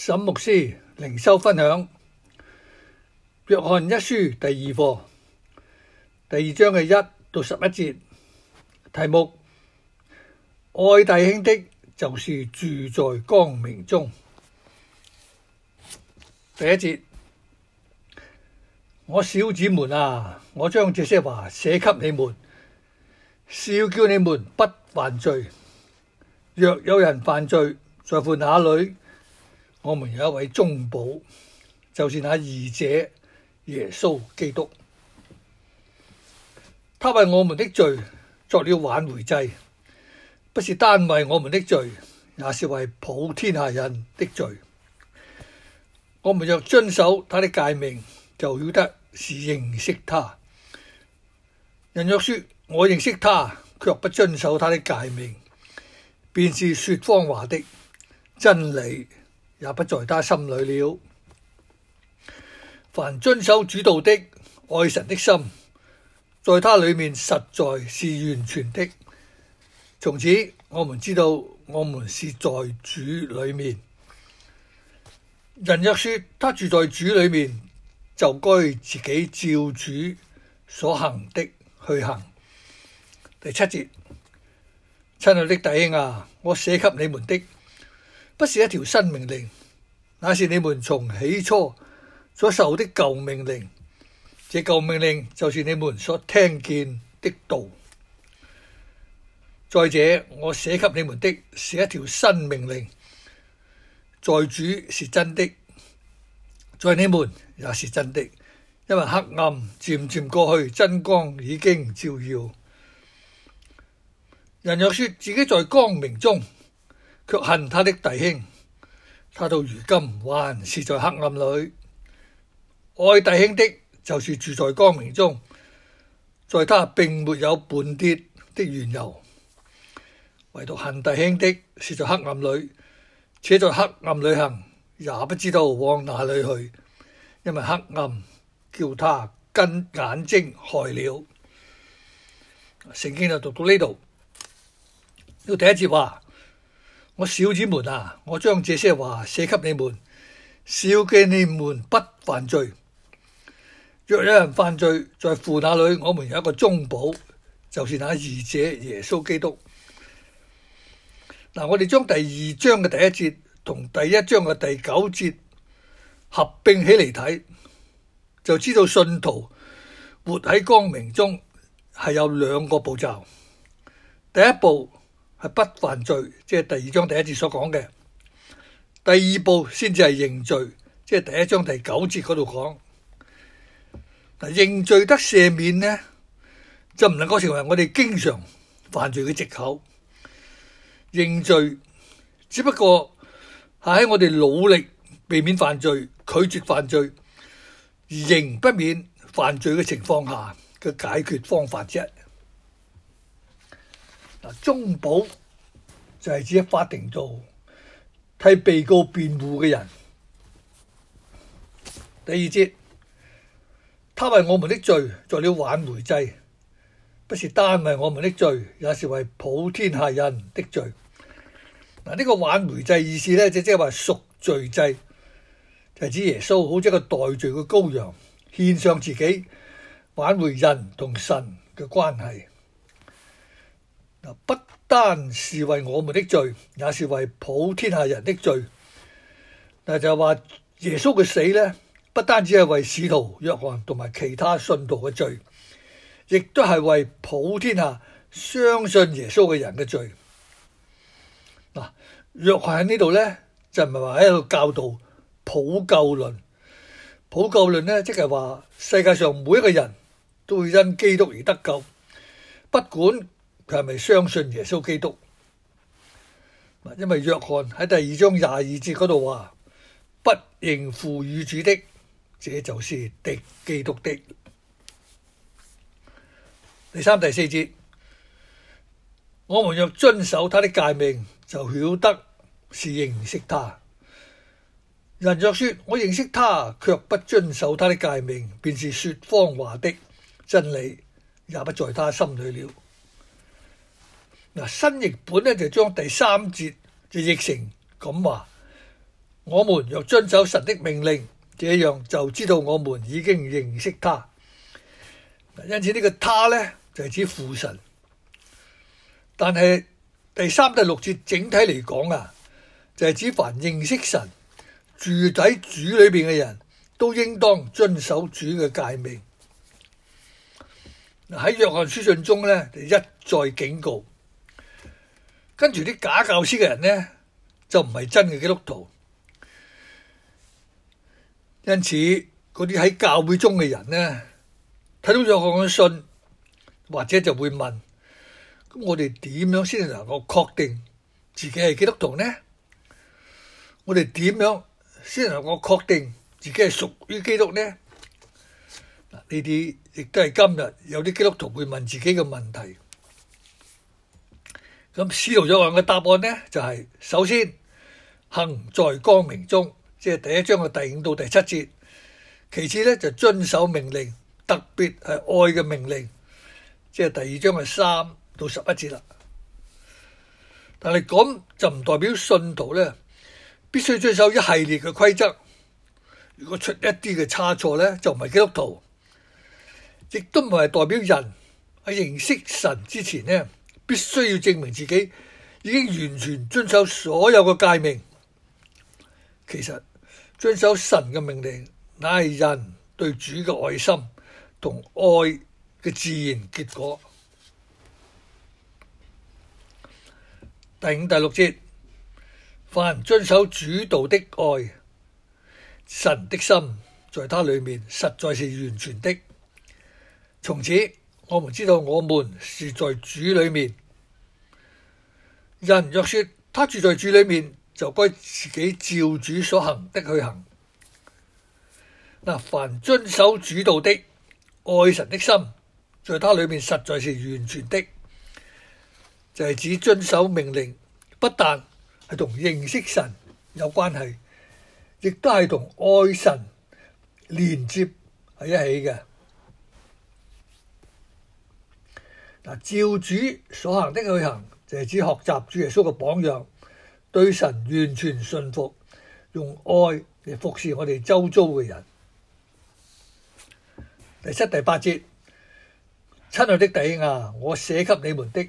沈牧師靈修分享《約翰一書》第二課第二章嘅一到十一節，題目：愛弟兄的，就是住在光明中。第一節：我小子們啊，我將這些話寫給你們，是要叫你們不犯罪。若有人犯罪，在乎哪裡？我們有一位中保，就是那義者耶穌基督。他為我們的罪作了挽回祭，不是單為我們的罪，也是為普天下人的罪。我們若遵守他的誡命，就曉得是認識他。人若說我認識他，卻不遵守他的誡命，便是說謊話的，真理，也不在他心裏了。凡遵守主道的，愛神的心，在他裏面實在是完全的。從此，我們知道我們是在主裏面。人若說他住在主裏面，就該自己照主所行的去行。第七節，親愛的弟兄啊，我寫給你們的。不是一條新命令，那是你們從起初所受的舊命令。這舊命令就是你們所聽見的道。再者，我寫給你們的是一條新命令。在主是真的，在你們也是真的，因為黑暗漸漸過去，真光已經照耀。人若說自己在光明中，卻恨他的弟兄，他到如今還是在黑暗裏。愛弟兄的，就是住在光明中，在他並沒有絆跌的緣由，唯獨恨弟兄的，是在黑暗裏，且在黑暗裏行，也不知道往哪裏去，因為黑暗叫他跟眼睛害了。聖經就讀到呢度，呢個第一節話。我小子們啊，我將這些話寫給你們，少嘅你們不犯罪；若有人犯罪，在父那裏，我們有一個中保，就是那義者耶穌基督。嗱，我哋將第二章嘅第一節同第一章嘅第九節合併起嚟睇，就知道信徒活喺光明中係有兩個步驟，第一步。係不犯罪，即係第二章第一節所講嘅。第二步先至係認罪，即係第一章第九節嗰度講。嗱，認罪得赦免呢，就唔能夠成為我哋經常犯罪嘅借口。認罪只不過係喺我哋努力避免犯罪、拒絕犯罪，仍不免犯罪嘅情況下嘅解決方法啫。嗱，中保就係指喺法庭做替被告辯護嘅人。第二節，他為我們的罪作了挽回祭，不是單為我們的罪，也是為普天下人的罪。嗱，呢個挽回祭意思咧，即即係話贖罪祭，就係、是、指耶穌好似係個代罪嘅羔羊，獻上自己挽回人同神嘅關係。不單是為我們的罪，也是為普天下人的罪。嗱，就係話耶穌嘅死咧，不單止係為使徒約翰同埋其他信徒嘅罪，亦都係為普天下相信耶穌嘅人嘅罪。嗱，約翰喺呢度咧，就唔係話喺度教導普救論。普救論咧，即係話世界上每一個人都會因基督而得救，不管，佢係咪相信耶穌基督？因為約翰喺第二章廿二節嗰度話：不認父與主的，這就是敵基督的。第三、第四節，我們若遵守他的誡命，就曉得是認識他。人若說我認識他，卻不遵守他的誡命，便是說謊話的。真理也不在他心裏了。嗱，新譯本咧就將第三節就譯成咁話：我們若遵守神的命令，這樣就知道我們已經認識他。因此呢個他呢，就係指父神。但係第三第六節整體嚟講啊，就係指凡認識神住喺主裏邊嘅人都應當遵守主嘅誡命。喺約翰書信中呢，就一再警告。跟住啲假教師嘅人咧，就唔係真嘅基督徒，因此嗰啲喺教會中嘅人咧，睇到咗我嘅信，或者就會問：咁我哋點樣先能夠確定自己係基督徒咧？我哋點樣先能夠確定自己係屬於基督咧？嗱，呢啲亦都係今日有啲基督徒會問自己嘅問題。咁使徒約翰嘅答案呢？就係首先行在光明中，即係第一章嘅第五到第七節。其次呢就遵守命令，特別係愛嘅命令，即係第二章嘅三到十一節啦。但係咁就唔代表信徒呢必須遵守一系列嘅規則。如果出一啲嘅差錯呢，就唔係基督徒，亦都唔係代表人喺認識神之前呢。必須要證明自己已經完全遵守所有嘅誡命。其實遵守神嘅命令，乃係人對主嘅愛心同愛嘅自然結果。第五、第六節，凡遵守主道的，愛神的心在他裏面實在是完全的。從此。我們知道我們是在主裏面。人若說他住在主裏面，就該自己照主所行的去行。嗱，凡遵守主道的，愛神的心，在他裏面實在是完全的。就係指遵守命令，不但係同認識神有關係，亦都係同愛神連接喺一起嘅。照主所行的去行，就係指學習主耶穌嘅榜樣，對神完全信服，用愛嚟服侍我哋周遭嘅人。第七、第八節，親愛的弟兄啊，我寫給你們的，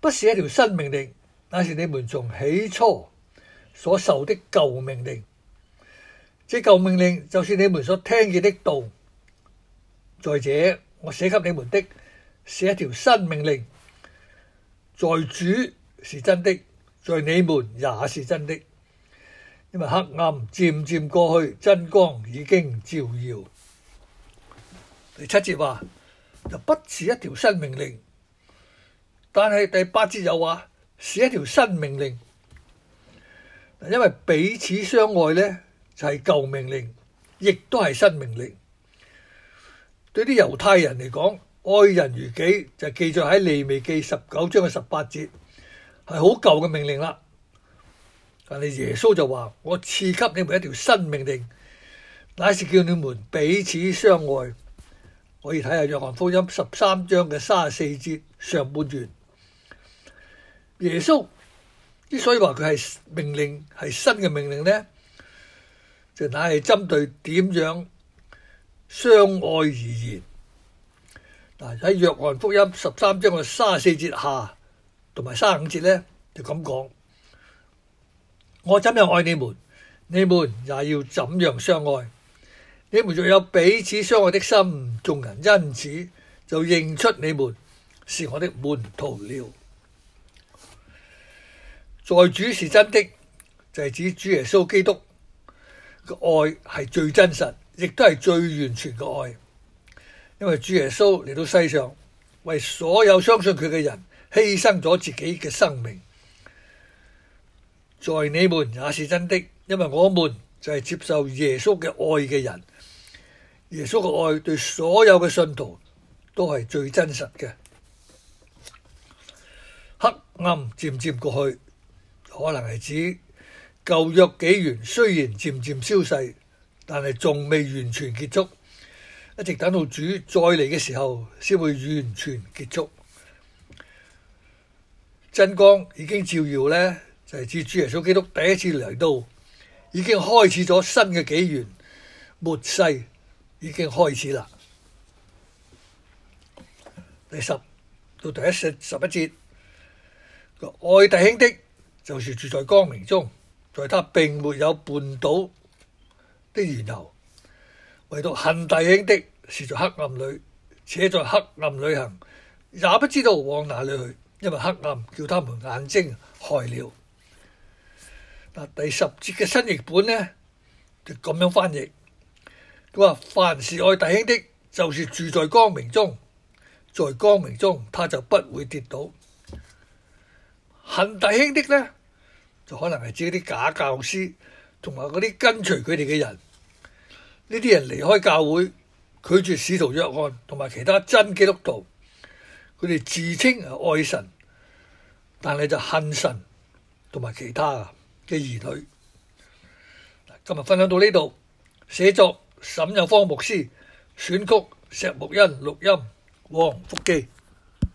不是一條新命令，乃是你們從起初所受的舊命令。這舊命令就是你們所聽見的道。再者，我寫給你們的。寫一條新命令，在主是真的，在你們也是真的，因為黑暗漸漸過去，真光已經照耀。第七節話就不似一條新命令，但係第八節又話是一條新命令，因為彼此相愛呢，就係舊命令，亦都係新命令。對啲猶太人嚟講。愛人如己就記載喺利未記十九章嘅十八節，係好舊嘅命令啦。但係耶穌就話：我賜給你們一條新命令，乃是叫你們彼此相愛。可以睇下約翰福音十三章嘅三十四節上半段，耶穌之所以話佢係命令係新嘅命令呢，就乃係針對點樣相愛而言。但喺約翰福音十三章嘅三十四節下同埋三十五節呢，就咁講：我怎樣愛你們，你們也要怎樣相愛。你們若有彼此相愛的心，眾人因此就認出你們是我的門徒了。在主是真的，就係、是、指主耶穌基督嘅愛係最真實，亦都係最完全嘅愛。因為主耶穌嚟到世上，為所有相信佢嘅人犧牲咗自己嘅生命，在你們也是真的，因為我們就係接受耶穌嘅愛嘅人，耶穌嘅愛對所有嘅信徒都係最真實嘅。黑暗漸漸過去，可能係指舊約紀元，雖然漸漸消逝，但係仲未完全結束。一直等到主再嚟嘅時候，先會完全結束。真光已經照耀呢，就係、是、指主耶穌基督第一次嚟到，已經開始咗新嘅紀元，末世已經開始啦。第十到第一節，十一節，愛弟兄的，就是住在光明中，在他並沒有絆倒的緣由。唯獨恨弟兄的，是在黑暗裏，且在黑暗裏行，也不知道往哪裏去，因為黑暗叫他們眼睛害了。嗱，第十節嘅新譯本呢，就咁樣翻譯。佢話凡是愛弟兄的，就是住在光明中，在光明中，他就不會跌倒。恨弟兄的呢，就可能係指嗰啲假教師，同埋嗰啲跟隨佢哋嘅人。呢啲人離開教會，拒絕使徒約翰同埋其他真基督徒。佢哋自稱係愛神，但係就恨神同埋其他嘅兒女。今日分享到呢度，寫作沈有方牧師，選曲石木恩，錄音黃福記。